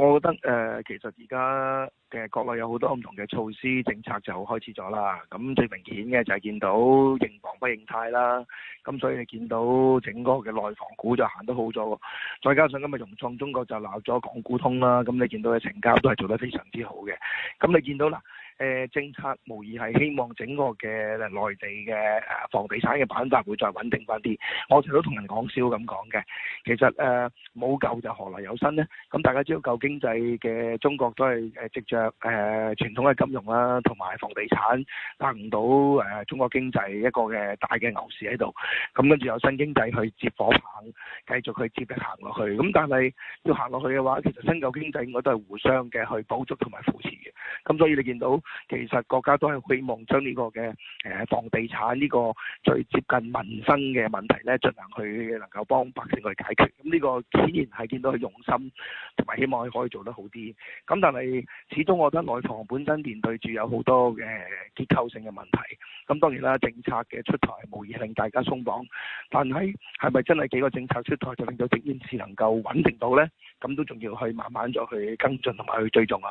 我覺得誒、呃，其實而家嘅國內有好多唔同嘅措施政策就開始咗啦。咁最明顯嘅就係見到應房不應泰啦。認房不認貸，咁所以你見到整個嘅內房股就行得好咗。再加上今日融創中國就鬧咗港股通啦。咁你見到嘅成交都係做得非常之好嘅。咁你見到啦。誒、呃、政策無疑係希望整個嘅內地嘅誒房地產嘅板塊會再穩定翻啲。我成日都同人講笑咁講嘅，其實誒冇、呃、舊就何來有新呢？咁、嗯、大家知道舊經濟嘅中國都係誒藉着誒、呃、傳統嘅金融啦、啊，同埋房地產拉唔到誒、呃、中國經濟一個嘅大嘅牛市喺度。咁跟住有新經濟去接火棒，繼續去接力行落去。咁、嗯、但係要行落去嘅話，其實新舊經濟應該都係互相嘅去補足同埋扶持嘅。咁、嗯、所以你見到。其實國家都係希望將呢個嘅房地產呢個最接近民生嘅問題呢盡量去能夠幫百姓去解決。咁呢個顯然係見到佢用心，同埋希望佢可以做得好啲。咁但係始終我覺得內房本身面對住有好多嘅結構性嘅問題。咁當然啦，政策嘅出台無疑令大家鬆綁，但係係咪真係幾個政策出台就令到整件事能夠穩定到呢？咁都仲要去慢慢再去跟進同埋去追蹤啊！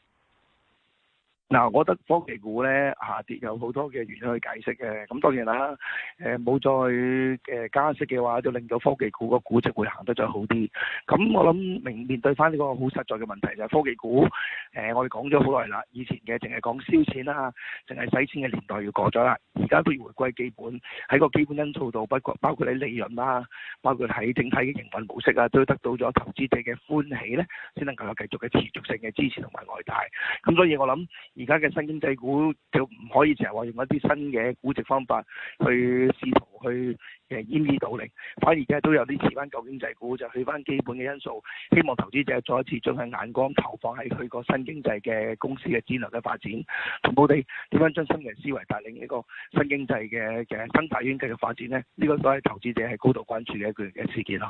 嗱，我覺得科技股咧下跌有好多嘅原因去解釋嘅，咁當然啦，誒、呃、冇再誒、呃、加息嘅話，就令到科技股個估值會行得再好啲。咁我諗明面對返呢個好實在嘅問題就係科技股，誒、呃、我哋講咗好耐啦，以前嘅淨係講燒錢啦、啊，淨係使錢嘅年代要過咗啦，而家都要回歸基本喺個基本因素度，包括包括喺利潤啦、啊，包括喺整體嘅營運模式啊，都得到咗投資者嘅歡喜咧，先能夠有繼續嘅持續性嘅支持同埋外帶。咁所以我諗。而家嘅新經濟股就唔可以成日話用一啲新嘅估值方法去試圖去誒、掩耳盜鈴，反而而家都有啲似翻舊經濟股，就去翻基本嘅因素，希望投資者再一次將佢眼光投放喺佢個新經濟嘅公司嘅戰略嘅發展，同我哋點樣將新嘅思維帶領呢個新經濟嘅嘅生態圈繼續發展呢，呢個所謂投資者係高度關注嘅一個嘅事件咯。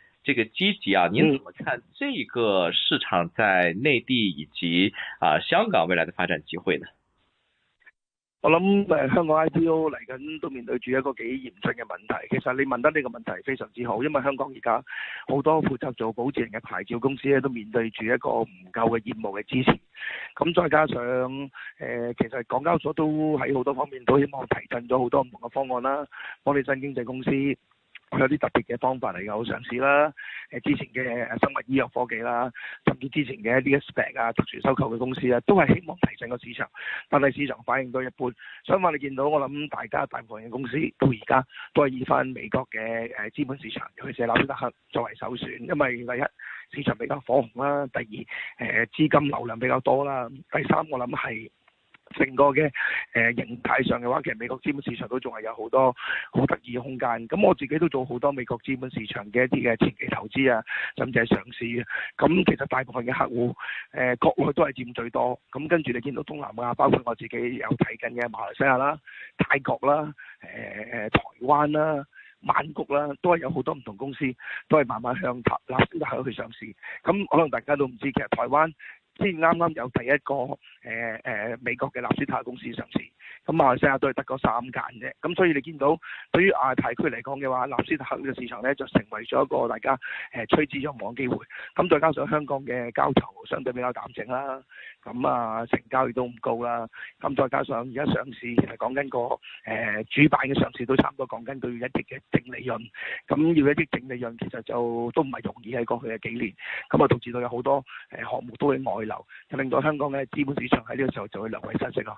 這個積極啊，你怎麼看這個市場在內地以及啊、呃、香港未來的發展機會呢？我諗誒、呃，香港 IPO 嚟緊都面對住一個幾嚴峻嘅問題。其實你問得呢個問題非常之好，因為香港而家好多負責做保薦人嘅牌照公司咧，都面對住一個唔夠嘅業務嘅支持。咁再加上誒、呃，其實港交所都喺好多方面都希望提振咗好多唔同嘅方案啦，幫你新經濟公司。佢有啲特別嘅方法嚟㗎，好上市啦，誒之前嘅生物醫藥科技啦，甚至之前嘅一啲 SPAC 啊，特殊收購嘅公司啊，都係希望提振個市場，但係市場反應都一般。相反，你見到我諗，大家大部分嘅公司到而家都係以翻美國嘅誒資本市場，尤其是納斯達克作為首選，因為第一市場比較火紅啦，第二誒資金流量比較多啦，第三我諗係成個嘅。誒形態上嘅話，其實美國資本市場都仲係有好多好得意嘅空間。咁我自己都做好多美國資本市場嘅一啲嘅前期投資啊，甚至係上市。咁其實大部分嘅客戶，誒、呃、國內都係佔最多。咁跟住你見到東南亞，包括我自己有睇緊嘅馬來西亞啦、泰國啦、呃、台灣啦、曼谷啦，都係有好多唔同公司，都係慢慢向納納斯達克去上市。咁可能大家都唔知，其實台灣。先啱啱有第一個誒誒、呃呃、美國嘅納斯達公司上市。咁啊，成日都係得個三間啫，咁所以你見到對於亞太區嚟講嘅話，納斯達克嘅市場咧就成為咗一個大家誒、呃、之若鶩嘅機會。咁再加上香港嘅交投相對比較淡靜啦，咁啊成交亦都唔高啦。咁再加上而家上市係講緊個、呃、主板嘅上市都差唔多講緊對於一啲嘅淨利潤。咁要一啲淨利潤其實就都唔係容易喺過去嘅幾年。咁啊導致到有好多誒項、呃、目都會外流，就令到香港嘅資本市場喺呢個時候就會略為失色咯。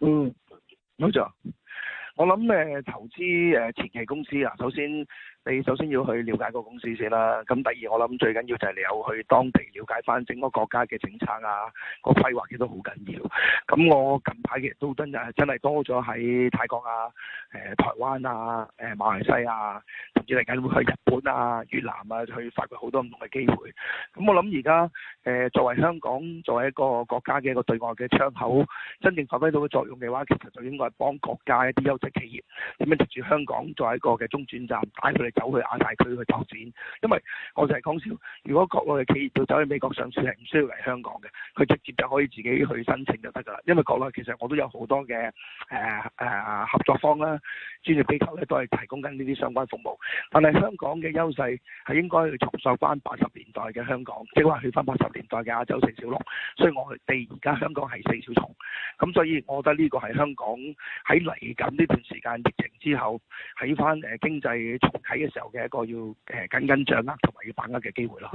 嗯，冇錯。我諗誒，投資誒，前期公司啊，首先。你首先要去了解個公司先啦，咁第二我諗最緊要就係你有去當地了解翻整個國家嘅政策啊，個規劃亦都好緊要。咁我近排其實都真係真係多咗喺泰國啊、呃、台灣啊、誒馬來西亞，甚至嚟緊會去日本啊、越南啊，去發掘好多唔同嘅機會。咁我諗而家呃作為香港作為一個國家嘅一個對外嘅窗口，真正發揮到嘅作用嘅話，其實就應該係幫國家一啲優質企業點樣藉住香港作為一個嘅中轉站，帶佢哋，走去亞太區去拓展，因為我就係講笑，如果國內嘅企業要走去美國上市係唔需要嚟香港嘅，佢直接就可以自己去申請就得噶啦。因為國內其實我都有好多嘅誒誒合作方啦，專業機構咧都係提供緊呢啲相關服務。但係香港嘅優勢係應該重塑翻八十年代嘅香港，即係話去翻八十年代嘅亞洲四小龍。所以我哋而家香港係四小蟲，咁所以我覺得呢個係香港喺嚟緊呢段時間疫情之後喺翻誒經濟重啓時候嘅一個要掌握同埋要把握嘅機會咯。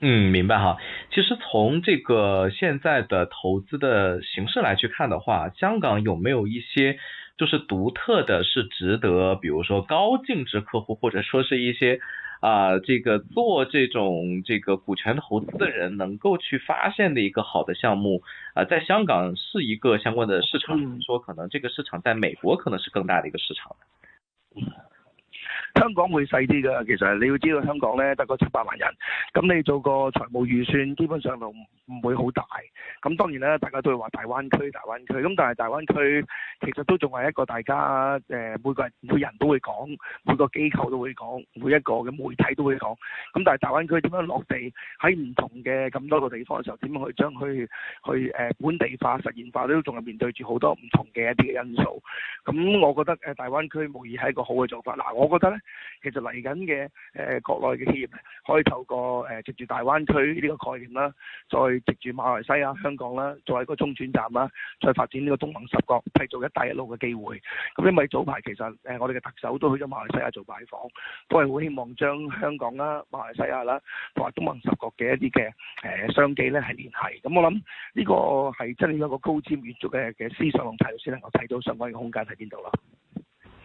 嗯，明白哈。其實從這個現在的投資的形式來去看的話，香港有沒有一些就是獨特的，是值得，比如說高淨值客戶，或者說是一些啊、呃，這個做這種這個股權投資的人能夠去發現的一個好的項目啊、呃，在香港是一個相關的市場，嗯、說可能這個市場在美國可能是更大的一個市場。嗯。香港會細啲㗎，其實你要知道香港咧得個七百萬人，咁你做個財務預算，基本上就唔會好大。咁當然啦，大家都會話大灣區，大灣區咁，但係大灣區其實都仲係一個大家、呃、每個人每人都會講，每個機構都會講，每一個嘅媒體都會講。咁但係大灣區點樣落地喺唔同嘅咁多個地方嘅時候，點樣去將佢去誒本地化、實現化，都仲係面對住好多唔同嘅一啲嘅因素。咁我覺得誒大灣區無疑係一個好嘅做法。嗱，我覺得咧。其實嚟緊嘅誒國內嘅企業，可以透過誒、呃、藉住大灣區呢個概念啦，再藉住馬來西亞、香港啦，作為一個中轉站啦，再發展呢個東盟十國，係做一帶一路嘅機會。咁、嗯、因為早排其實誒、呃、我哋嘅特首都去咗馬來西亞做拜訪，都係好希望將香港啦、馬來西亞啦同埋東盟十國嘅一啲嘅誒商機咧係聯繫。咁、嗯、我諗呢個係真係一個高瞻遠矚嘅嘅思想同態度，先能夠睇到相關嘅空間喺邊度咯。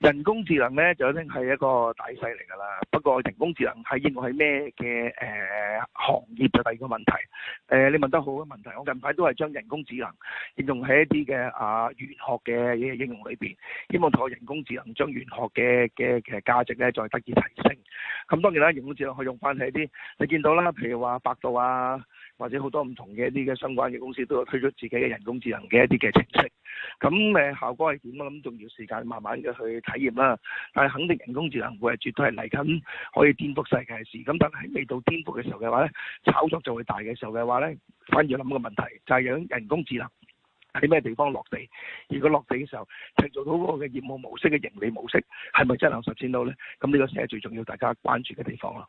人工智能咧，就已經係一個大勢嚟噶啦，不過人工智能係應用喺咩嘅誒行業就第二個問題。誒、呃，你問得好嘅問題，我近排都係將人工智能應用喺一啲嘅啊，玄學嘅嘢應用裏邊，希望通過人工智能將玄學嘅嘅嘅價值咧，再得以提升。咁當然啦，人工智能可以用翻喺啲你見到啦，譬如話百度啊。或者好多唔同嘅一啲嘅相關嘅公司都有推出自己嘅人工智能嘅一啲嘅程式，咁誒效果係點啊？咁仲要時間慢慢嘅去體驗啦。但係肯定人工智能會係絕對係嚟緊可以顛覆世界嘅事。咁但係未到顛覆嘅時候嘅話咧，炒作就會大嘅時候嘅話咧，反而要諗個問題，就係有人工智能喺咩地方落地？如果落地嘅時候，製造到個嘅業務模式嘅盈利模式係咪真係實踐到咧？咁呢個先係最重要大家關注嘅地方咯。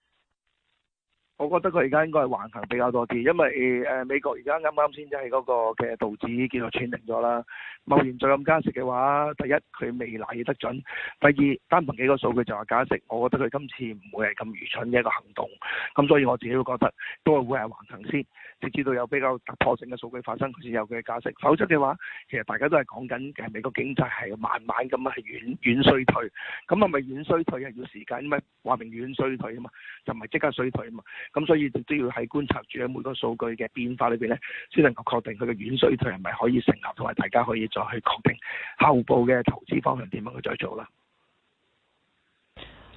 我覺得佢而家應該係橫行比較多啲，因為誒、呃、美國而家啱啱先至係嗰個嘅道指叫做喘定咗啦。貿然再咁加息嘅話，第一佢未賴得準，第二單憑幾個數據就話加息，我覺得佢今次唔會係咁愚蠢嘅一個行動。咁所以我自己都覺得都係會係橫行先。直至到有比較突破性嘅數據發生，佢先有佢嘅價值。否則嘅話，其實大家都係講緊，誒美國經濟係慢慢咁樣係軟軟衰退。咁係咪軟衰退啊？要時間，因為話明軟衰退啊嘛，就唔係即刻衰退啊嘛。咁所以亦都要喺觀察住喺每個數據嘅變化裏邊咧，先能夠確定佢嘅軟衰退係咪可以成立，同埋大家可以再去確定後部嘅投資方向點樣去再做啦。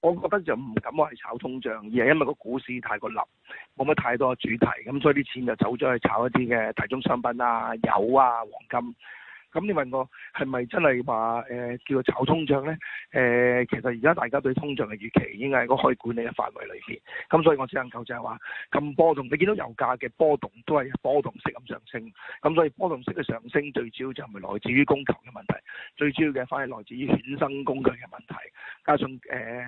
我覺得就唔敢話係炒通脹，而係因為個股市太過冧，冇乜太多主題，咁所以啲錢就走咗去炒一啲嘅大宗商品啊、油啊、黃金。咁你問我係咪真係話、呃、叫叫炒通脹咧、呃？其實而家大家對通脹嘅預期應該係個可以管理嘅範圍裏面。咁所以我只能夠就係話咁波動，你見到油價嘅波動都係波動式咁上升。咁所以波動式嘅上升最主要就唔係來自於供求嘅問題，最主要嘅反而來自於衍生工具嘅問題，加上誒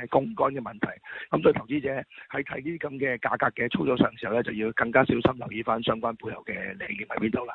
槓桿嘅問題。咁所以投資者喺睇呢啲咁嘅價格嘅操作上時候咧，就要更加小心留意翻相關背後嘅利益喺邊度啦。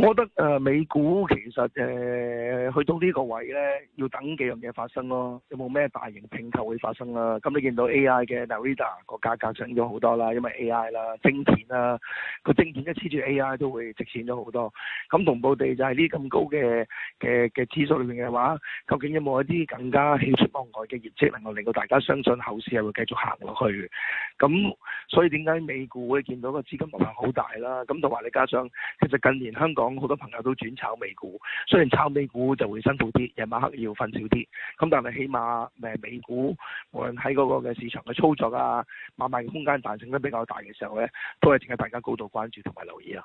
我覺得誒、呃、美股其實誒、呃、去到呢個位咧，要等幾樣嘢發生咯。有冇咩大型拋售會發生啊？咁你見到 A I 嘅 Nvidia 個價格漲咗好多啦，因為 A I 啦、晶片啦、啊，個晶片一黐住 A I 都會值錢咗好多。咁同步地就係呢咁高嘅嘅嘅指數裏面嘅話，究竟有冇一啲更加喜出望外嘅業績，能夠令到大家相信後市係會繼續行落去？咁所以點解美股會見到個資金流量好大啦？咁同埋你加上其實近年香港，我好多朋友都轉炒美股，雖然炒美股就會辛苦啲，夜晚黑要瞓少啲，咁但係起碼誒美股無論喺嗰個嘅市場嘅操作啊，買賣嘅空間彈性都比較大嘅時候咧，都係值得大家高度關注同埋留意啊。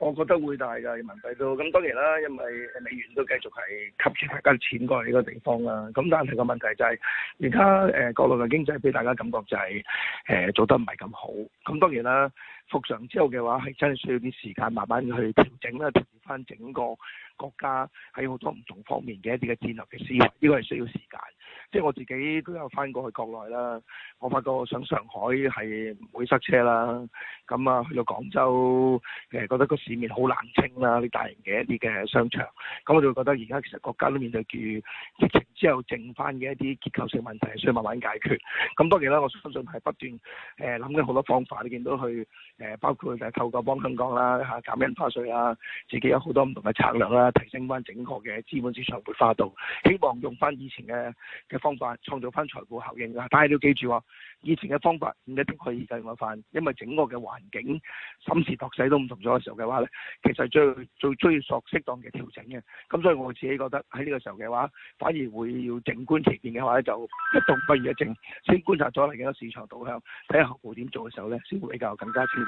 我覺得會大㗎，人民幣都咁當然啦，因為美元都繼續係吸住大家錢過去呢個地方啦。咁但係個問題就係，而家誒國內嘅經濟俾大家感覺就係誒做得唔係咁好。咁當然啦。復常之後嘅話，係真係需要啲時間慢慢去調整啦，調翻整個國家喺好多唔同方面嘅一啲嘅戰略嘅思維，呢個係需要時間。即係我自己都有翻過去國內啦，我發覺上上海係唔會塞車啦，咁啊去到廣州，誒覺得個市面好冷清啦，啲大型嘅一啲嘅商場，咁我就覺得而家其實國家都面對住疫情之後剩翻嘅一啲結構性問題，需要慢慢解決。咁當然啦，我相信係不斷誒諗緊好多方法，你見到去。誒包括就係透過幫香港啦吓減印花稅啊，自己有好多唔同嘅策略啦，提升翻整個嘅資本市場活化度，希望用翻以前嘅嘅方法創造翻財富效應啊！但係你要記住喎，以前嘅方法唔一定可以繼續用翻，因為整個嘅環境審時度勢都唔同咗嘅時候嘅話咧，其實最最需要索適當嘅調整嘅。咁所以我自己覺得喺呢個時候嘅話，反而會要靜觀其變嘅話咧，就一動不如一靜，先觀察咗嚟幾個市場導向，睇下後步點做嘅時候咧，先會比較更加清。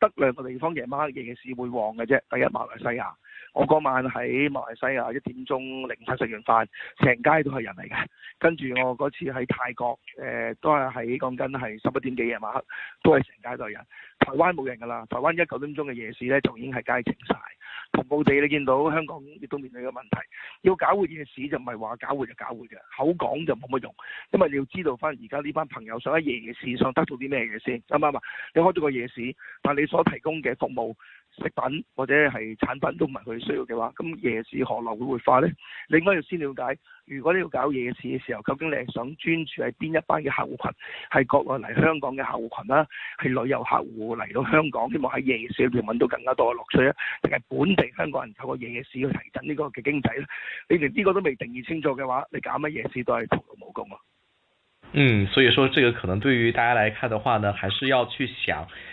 得兩個地方夜晚夜市會旺嘅啫，第一馬來西亞，我嗰晚喺馬來西亞一點鐘凌晨食完飯，成街都係人嚟嘅。跟住我嗰次喺泰國，誒、呃、都係喺講緊係十一點幾夜晚黑，都係成街都係人。台灣冇人㗎啦，台灣一九點鐘嘅夜市呢，就已經係街靜晒。同步地你，你見到香港亦都面對嘅問題，要搞活夜市就唔係話搞活就搞活嘅，口講就冇乜用，因為你要知道翻而家呢班朋友想喺夜市上得到啲咩嘢先，啱唔啱啊？你開咗個夜市，但係你所提供嘅服務，食品或者係產品都唔係佢需要嘅話，咁夜市客流會唔會化呢？你應該要先了解，如果你要搞夜市嘅時候，究竟你係想專注喺邊一班嘅客戶群，係國內嚟香港嘅客戶群啦、啊，係旅遊客戶嚟到香港希望喺夜市裏邊揾到更加多嘅樂趣咧、啊，定係本地香港人透過夜市去提振呢個嘅經濟咧、啊？你連呢個都未定義清楚嘅話，你搞乜夜市都係徒勞無功咯、啊。嗯，所以說，這個可能對於大家來看的話呢，還是要去想。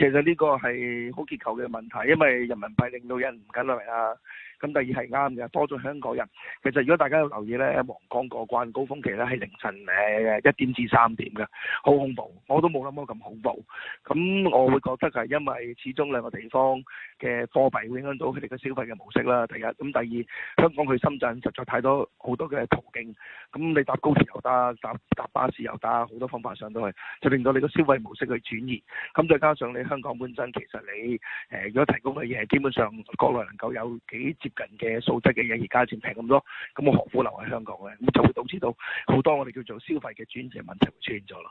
其實呢個係好結構嘅問題，因為人民幣令到人唔緊落嚟啊。咁第二係啱嘅，多咗香港人。其實如果大家有留意咧，皇崗過關高峰期咧係凌晨誒一點至三點嘅，好恐怖，我都冇諗過咁恐怖。咁我會覺得係因為始終兩個地方嘅貨幣會影響到佢哋嘅消費嘅模式啦。第一，咁第二，香港去深圳實在太多好多嘅途徑。咁你搭高鐵又得，搭搭巴士又得，好多方法上到去，就令到你個消費模式去轉移。咁再加上你。香港本身其實你誒、呃、如果提供嘅嘢係基本上國內能夠有幾接近嘅素質嘅嘢，而價錢平咁多，咁我何苦留喺香港咧？就會導致到好多我哋叫做消費嘅轉折問題會出現咗咯。